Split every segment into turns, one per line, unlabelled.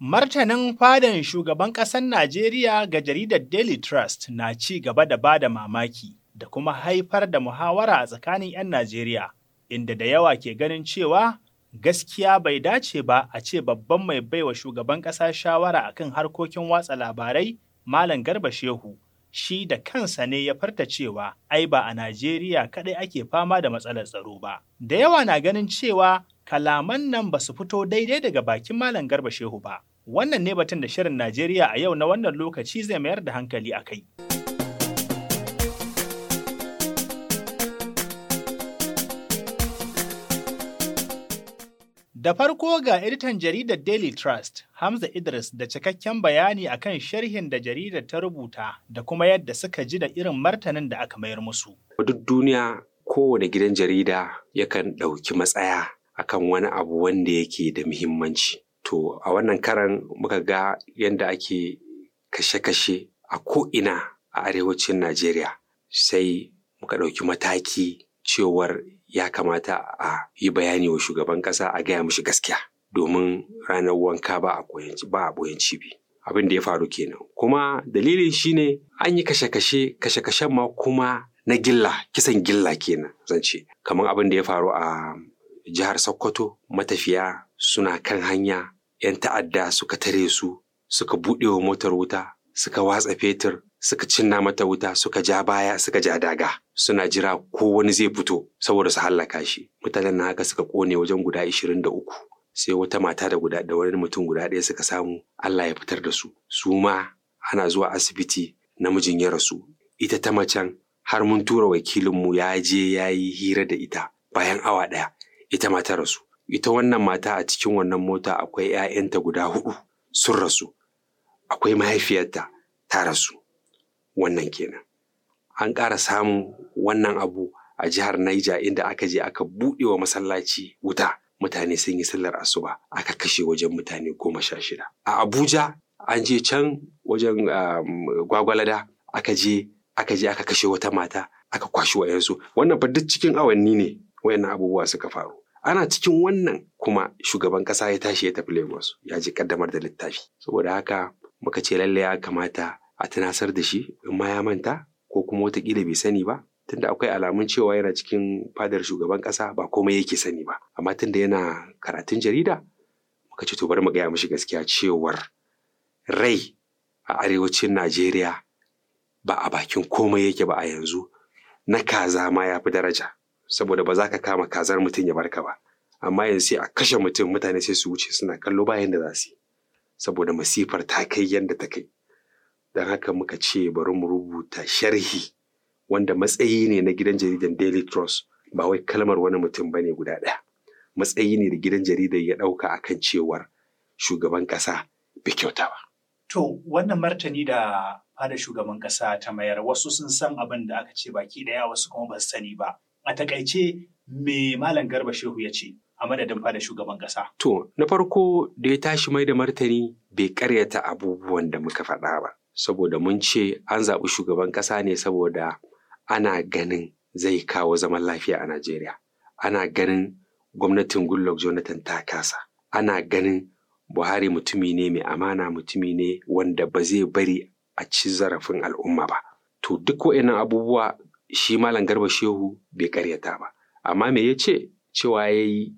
Martanin fadan shugaban ƙasar Najeriya ga jaridar Daily Trust na ci gaba da ba da mamaki da kuma haifar da muhawara a tsakanin 'yan Najeriya, inda da yawa ke ganin cewa gaskiya bai dace ba a ce babban mai baiwa shugaban ƙasa shawara akan harkokin watsa labarai Malam Garba Shehu shi da kansa ne ya farta cewa ai ba a Najeriya kaɗai ake fama da matsalar tsaro ba. Da yawa na ganin cewa kalaman nan ba su fito daidai daga bakin Malam Garba Shehu ba. Wannan ne batun da shirin Najeriya a yau na wannan lokaci zai mayar da hankali a kai. Da farko ga editan jaridar Daily Trust, Hamza Idris da cikakken bayani akan sharhin da jaridar ta rubuta da kuma yadda suka ji da irin martanin da aka mayar musu.
Duk duniya kowane gidan jarida yakan ɗauki matsaya akan wani abu wanda yake da muhimmanci. To, a wannan karan muka ga yadda ake kashe-kashe a ko'ina a arewacin Najeriya, sai muka ɗauki mataki cewar ya kamata a yi bayani wa shugaban ƙasa a gaya mishi gaskiya domin ranar wanka ba a boyan cibi abin da ya faru kenan kuma dalilin shine an yi kashe-kashe kashe-kashen ma kuma na gilla kisan gilla kenan zance kamar abin da ya faru a jihar sokoto matafiya suna kan hanya 'yan ta'adda suka tare su suka buɗewa motar wuta suka watsa fetur suka cinna mata wuta suka ja baya suka ja daga suna jira ko wani zai fito saboda su hallaka shi mutanen na haka suka kone wajen guda ishirin da uku sai wata mata da guda da wani mutum guda ɗaya suka samu Allah ya fitar da su su ma ana zuwa asibiti namijin ya rasu ita ta macen har mun tura wakilinmu ya je ya yi hira da ita bayan awa ɗaya ita ma ta rasu ita wannan mata a cikin wannan mota akwai 'ya'yanta guda hudu sun rasu akwai mahaifiyarta ta rasu wannan kenan an ƙara samun wannan abu a jihar Naija inda aka je aka buɗe wa masallaci wuta mutane sun yi sallar asuba aka kashe wajen mutane goma sha shida a abuja an je can wajen um, gwagwalada aka je aka je aka kashe wata mata aka kwashi wayansu wannan fa duk cikin awanni ne wayannan abubuwa suka faru ana cikin wannan kuma shugaban ƙasa ya tashi ya tafi lagos ya je kaddamar da littafi saboda haka muka ce lallai ya kamata a tunasar da shi in ma ya manta ko kuma watakila bai sani ba tunda akwai alamun cewa yana cikin fadar shugaban ƙasa ba komai yake sani ba amma tunda yana karatun jarida muka ce to bari mu gaya mishi gaskiya cewar rai a arewacin najeriya ba a bakin komai yake ba a yanzu na kaza ma ya fi daraja saboda ba za ka kama kazar mutum ya barka ba amma yanzu sai a kashe mutum mutane sai su wuce suna kallo bayan da za su yi saboda masifar ta kai yadda ta kai don haka muka ce bari mu rubuta sharhi wanda matsayi ne na gidan jaridan daily trust ba wai kalmar wani mutum bane guda ɗaya matsayi ne da gidan jaridar ya ɗauka a kan cewar shugaban ƙasa bai kyauta ba.
To wannan martani da fada shugaban ƙasa ta mayar wasu sun san abin da aka ce baki ɗaya wasu kuma ba su sani ba. A takaice me Malam Garba Shehu ya ce? a madadin fada shugaban ƙasa.
To, na farko da ya tashi mai da martani bai karyata abubuwan da muka faɗa ba, saboda mun ce an zaɓi shugaban ƙasa ne saboda ana ganin zai kawo zaman lafiya a Najeriya. Ana ganin gwamnatin Goodluck Jonathan ta kasa. Ana ganin Buhari mutumi ne mai amana mutumi ne wanda ba zai bari a ci zarafin al'umma ba. To duk wa'innan abubuwa shi Malam Garba Shehu bai karyata ba. Amma me ya ce cewa ya yi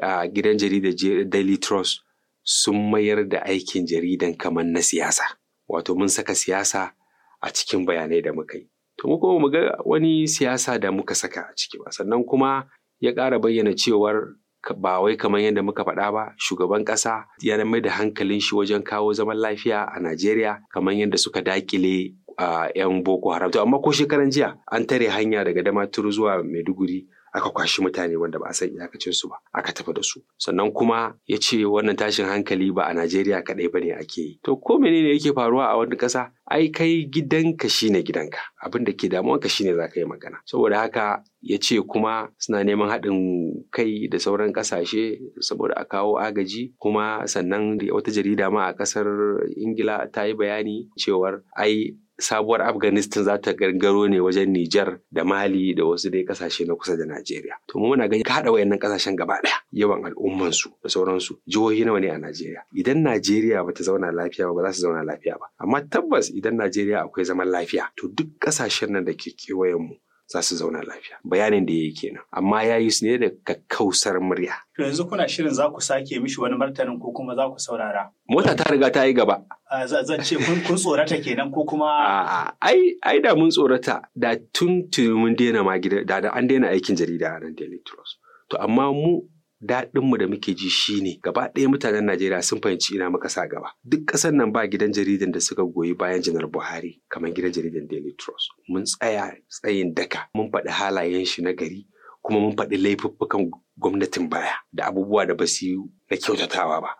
a gidan jarida Daily Trust sun mayar da aikin jaridan kamar na siyasa. Wato mun saka siyasa a cikin bayanai da muka yi. To mu kuma ga wani siyasa da muka saka a ciki ba. Sannan kuma ya ƙara bayyana cewar ba wai kamar yadda muka faɗa ba shugaban ƙasa ya mai da hankalin shi wajen kawo zaman lafiya a Najeriya kamar yadda suka dakile a 'yan Boko Haram. To amma ko shekaran jiya an tare hanya daga Damaturu zuwa Maiduguri aka kwashi mutane wanda ba a san iyakacin su ba aka tafi da su sannan kuma ya ce wannan tashin hankali ba a Najeriya kaɗai ba ne ake yi to ko menene yake faruwa a wani ƙasa ai kai gidanka shine gidanka abin da ke damuwanka shine za ka yi magana saboda haka ya ce kuma suna neman haɗin kai da sauran ƙasashe saboda a kawo agaji kuma sannan wata jarida ma a ƙasar ingila ta yi bayani cewar ai sabuwar afghanistan za ta gangaro ne wajen niger da mali da wasu dai kasashe na kusa da najeriya to mu muna gani ka haɗa wayannan kasashen gaba ɗaya yawan al'ummansu da sauransu jihohi nawa ne a najeriya idan najeriya bata zauna lafiya ba ba za su zauna lafiya ba amma tabbas idan najeriya akwai zaman lafiya to duk kasashen nan da ke kewayen mu za su zauna lafiya bayanin da ya yi kenan amma ya yi su ne da kakkausar murya.
To yanzu kuna shirin za ku sake mishi wani martanin ko kuma za ku saurara.
Mota ta riga ta yi gaba. Zan ce kun tsorata kenan ko kuma. Ai ai da mun tsorata da tun tuni mun daina ma gida da an daina aikin jarida a nan Daily Trust. To amma mu Daɗin mu da muke ji shine gaba ɗaya mutanen Najeriya sun fahimci ina muka sa gaba. Duk ƙasar nan ba gidan jaridan da suka goyi bayan Janar Buhari kamar gidan jaridan Daily Trust. Mun tsaya tsayin daka, mun faɗi halayen shi na gari, kuma mun faɗi laifuffukan gwamnatin baya da abubuwa da ba su na kyautatawa ba.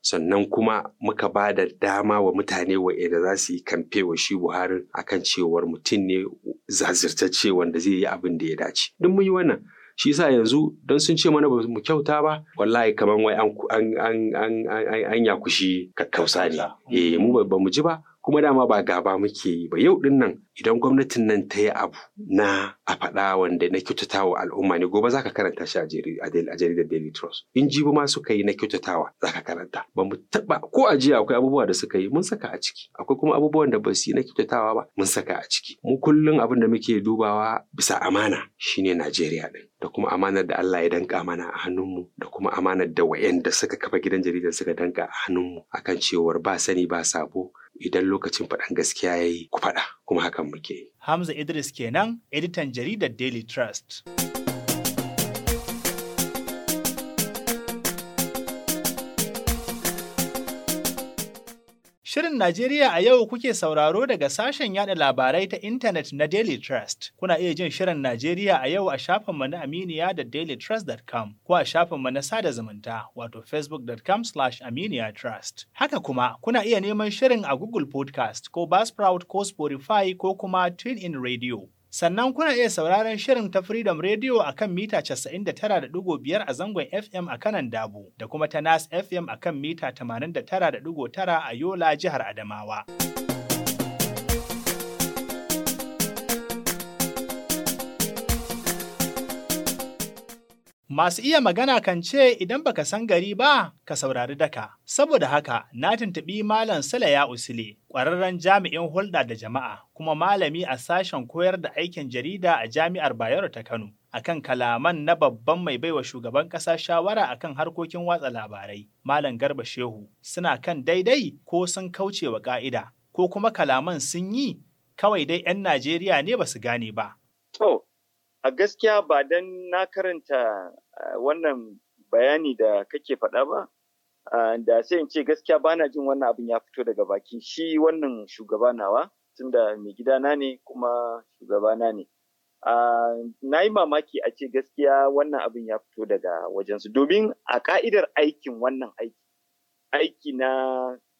Sannan kuma muka ba da dama wa mutane da za su yi kamfe wa shi Buhari akan cewar mutum ne zazirtacce da zai yi abin da ya dace. Duk mun yi wannan. shi yasa yanzu don sun ce mana ba mu kyauta ba wallahi kamar wai an an an an yakushi kakkausa ne eh mu ba mu ji ba kuma dama ba gaba muke yi ba yau din nan idan gwamnatin nan ta yi abu na a faɗa wanda na kyautatawa al'umma ne gobe zaka karanta shi a jaridar Daily Trust in jibi ma suka yi na kyautatawa zaka karanta ba mu taɓa ko a jiya akwai abubuwa da suka yi mun saka a ciki akwai kuma abubuwan da ba su yi na kyautatawa ba mun saka a ciki mu kullum abin da muke dubawa bisa amana shine Najeriya din da kuma amanar da Allah ya danka mana a mu, da kuma amanar da wayanda suka kafa gidan jaridar suka danka a hannunmu akan cewar ba sani ba sabo idan lokacin faɗan gaskiya ya yi ku faɗa kuma hakan muke.
Hamza Idris kenan editan jaridar Daily Trust. Shirin Najeriya a yau kuke sauraro daga sashen yada labarai ta intanet na Daily Trust. Kuna iya jin Shirin Najeriya a yau a shafinmu na Aminiya da dailytrust.com ko a shafinmu na sada zumunta wato facebook.com aminiya trust. Haka kuma kuna iya neman shirin a Google Podcast ko Buzzsprout ko Spotify ko kuma TuneIn Radio. Sannan kuna iya sauraron shirin ta Freedom Radio a kan mita 99.5 a zangon FM a kanan Dabo da kuma ta Nas FM a kan mita 89.9 a Yola jihar Adamawa. Masu iya magana kan ce idan baka san gari ba, ka saurari daka. Saboda haka, na tuntuɓi Malam Sala usile, ƙwararren jami'in hulɗa da jama'a, kuma malami a sashen koyar da aikin jarida a Jami'ar Bayero ta Kano. akan kalaman na babban mai baiwa shugaban ƙasa shawara akan harkokin watsa labarai, Malam Garba Shehu, suna kan daidai ko sun kauce wa ƙa'ida, ko kuma kalaman sun yi kawai dai 'yan Najeriya ne basu gane ba.
To, a gaskiya ba don na karanta Eh, wannan bayani da kake faɗa ba eh, da sai in ce gaskiya bana jin wannan abin ya fito daga baki, shi wannan shugaba nawa tunda mai gidana ne kuma shugabana ne eh, na yi mamaki a ce gaskiya wannan abin ya fito daga wajensu domin a ka'idar aikin wannan aiki aiki na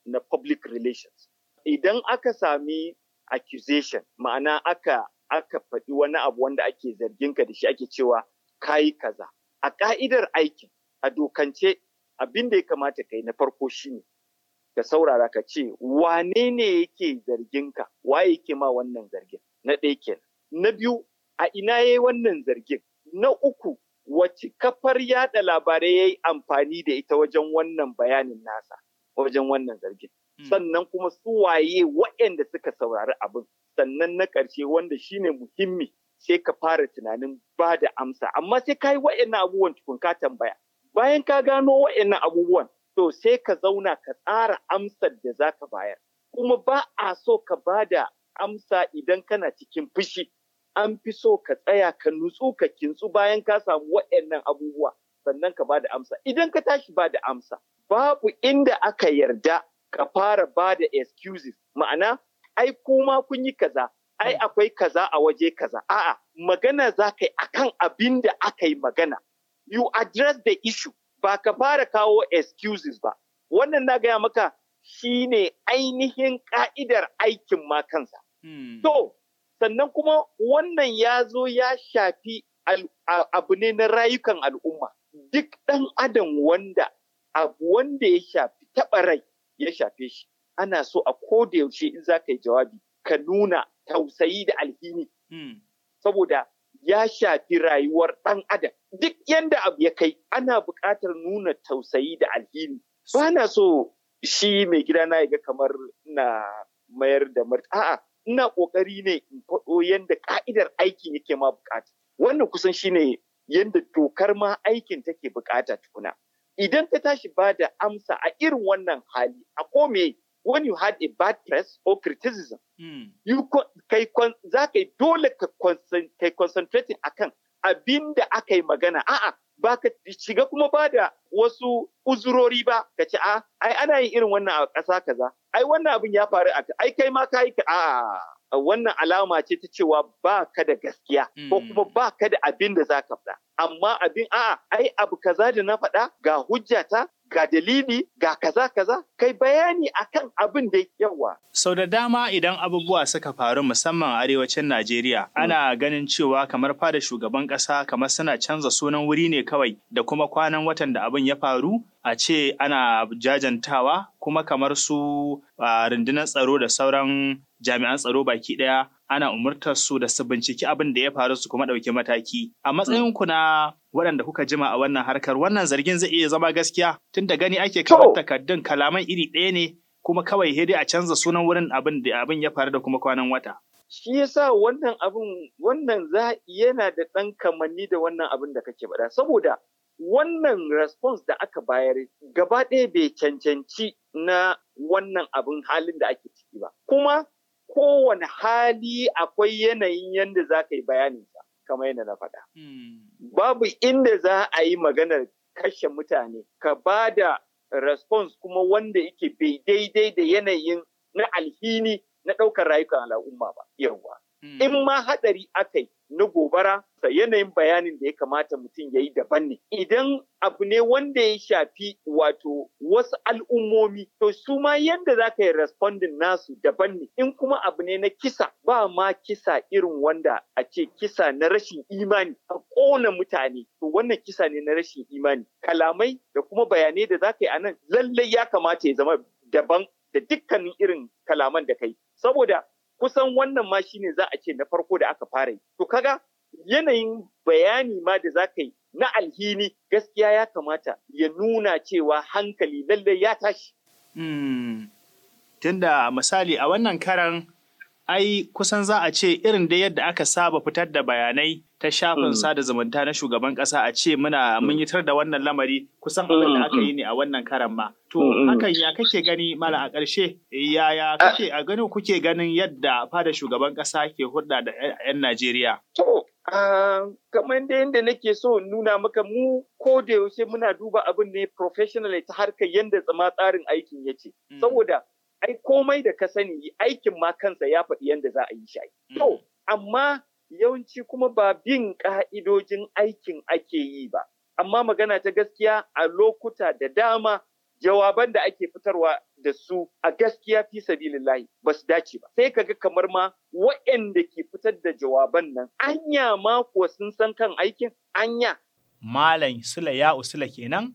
na public relations idan aka sami accusation ma'ana aka aka faɗi wani abu wanda ake zargin ka da shi ake cewa kayi kaza a ka'idar aikin a dokance abin da ya kamata ka yi na farko shine ka saurara ka ce wane ne yake zargin ka waye yake ma wannan zargin na ɗaya kenan na biyu a ina yayi wannan zargin na uku wace kafar yada labarai ya yi amfani da ita wajen wannan bayanin nasa wajen wannan zargin hmm. sannan kuma su waye waɗanda suka saurari abin sannan na ƙarshe wanda shine muhimmi sai ka fara tunanin ba da amsa amma sai ka yi wa'annan abubuwan tukun ka tambaya bayan ka gano wa'annan abubuwan to sai ka zauna ka tsara amsar da za ka bayar kuma ba a so ka ba da amsa idan kana cikin fushi an fi so ka tsaya ka nutsu ka kintsu bayan ka samu wa'annan abubuwa sannan ka ba da amsa idan ka tashi ba da amsa babu inda aka yarda ka fara ba da excuses ma'ana ai kuma kun yi kaza ai akwai kaza a waje kaza a'a magana za ka yi akan abin da aka yi magana you address the issue ba ka fara kawo excuses ba wannan na gaya maka shine ainihin ka'idar aikin ma kansa hmm. to sannan kuma wannan ya zo ya shafi abu ne na rayukan al'umma duk ɗan adam wanda abu wanda ya shafi taɓa rai ya shafe shi ana so a koda yaushe in za ka yi jawabi ka nuna tausayi da alhini. Hmm. Saboda ya shafi rayuwar ɗan adam. Duk yanda abu ya kai ana buƙatar nuna tausayi da alhini. Ba na so shi mai gida na ga kamar na mayar da mar A'a, ina ƙoƙari ne in faɗo yanda ƙa'idar aikin yake ma buƙata. Wannan kusan shi ne yanda dokar ma aikin take buƙata tukuna. Idan ka tashi ba da amsa a irin wannan hali, a ko me. when you had a bad press or criticism, hmm. you kai za ka dole ka kai akan abin da aka yi magana. A'a, ba ka shiga kuma ba da wasu uzurori ba ka ce a ah, ai ana yin irin wannan a ƙasa kaza ai wannan abin ya faru a ai kai ma ka yi a wannan alama ce ta cewa ba ka da gaskiya ko hmm. kuma ba ka da abin da za ka faɗa amma abin a'a, ai abu kaza da na faɗa ga hujjata ga dalili ga kaza kaza kai bayani akan abin da yawa.
Sau da dama idan abubuwa suka faru musamman a arewacin Najeriya mm. ana ganin cewa kamar fada shugaban ƙasa kamar suna canza sunan wuri ne kawai da kuma kwanan watan da abin ya faru a ce ana jajantawa kuma kamar su rundunar tsaro da sauran jami'an tsaro baki ɗaya ana umurtar su da su binciki abin da ya faru su kuma ɗauki mataki. A matsayin ku na waɗanda kuka jima a wannan harkar wannan zargin zai iya zama gaskiya tun da gani ake kawar takardun kalaman iri ɗaya ne kuma kawai hidi a canza sunan wurin abin da abin ya faru da kuma kwanan wata.
Shi yasa wannan abin wannan za yana da ɗan kamanni da wannan abin da kake faɗa saboda wannan response da aka bayar gaba ɗaya bai cancanci na wannan abin halin da ake ciki ba. Kuma kowane hali akwai yanayin yadda za ka yi bayaninsa. kamar yadda na faɗa. Hmm. Babu inda za a yi maganar kashe mutane ka ba da response kuma wanda yake bai daidai da yanayin na alhini na ɗaukar rayukan al'umma ba yawwa.
Hmm. In ma
haɗari aka yi na gobara yanayin bayanin da ya kamata mutum ya yi daban ne. Idan abu ne wanda ya shafi wato wasu al'ummomi, to su ma yadda za ka yi respondin nasu daban ne. In kuma abu ne na kisa, ba ma kisa irin wanda a ce kisa na rashin imani, a ƙona mutane, to wannan kisa ne na rashin imani. Kalamai da kuma bayanai da za ka yi anan lallai ya kamata ya zama daban da dukkanin irin kalaman da kai. Saboda kusan wannan ma shine za a ce na farko da aka fara yi to kaga yanayin bayani ma da za ka yi na alhini gaskiya ya kamata ya nuna cewa hankali lallai ya tashi.
Hmm. Tunda misali a wannan karan ai kusan za a ce irin da yadda aka saba fitar da bayanai ta shafin mm. sada zumunta na shugaban ƙasa, a ce muna mun mm. tar da wannan lamari kusan abin da mm, aka yi ne a wannan karan ma. To hakan ya kake gani mala a ƙarshe yaya kake a ganin kuke ganin yadda fada shugaban kasa ke hulɗa da 'yan Najeriya.
To kamar da yadda nake so nuna maka mu ko da yaushe muna duba abin ne professionally ta harkar yadda zama tsarin aikin yace ce. Saboda ai komai da ka sani aikin ma kansa ya faɗi yadda za a yi shi mm. to amma yawanci kuma ba bin ƙa'idojin aikin ake yi ba amma magana ta gaskiya a lokuta da dama jawaban da ake fitarwa da su a gaskiya fi sabilillahi ba su dace ba sai kaga kamar ma wa'anda ke fitar da jawaban nan anya ma kuwa sun san kan aikin anya
malam sula ya usula kenan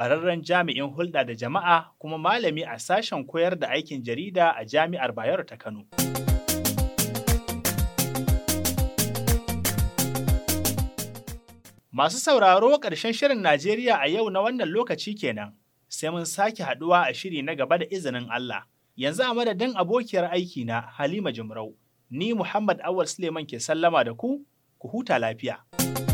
ƙwararren jami'in hulɗa da jama'a kuma malami a sashen koyar da aikin jarida a jami'ar Bayero ta Kano. Masu sauraro ƙarshen shirin Najeriya a yau na wannan lokaci kenan, sai mun sake haɗuwa a shiri na gaba da izinin Allah. Yanzu a madadin abokiyar aiki na Halima jimrau ni Muhammad Awal Suleiman ke sallama da ku, ku huta lafiya.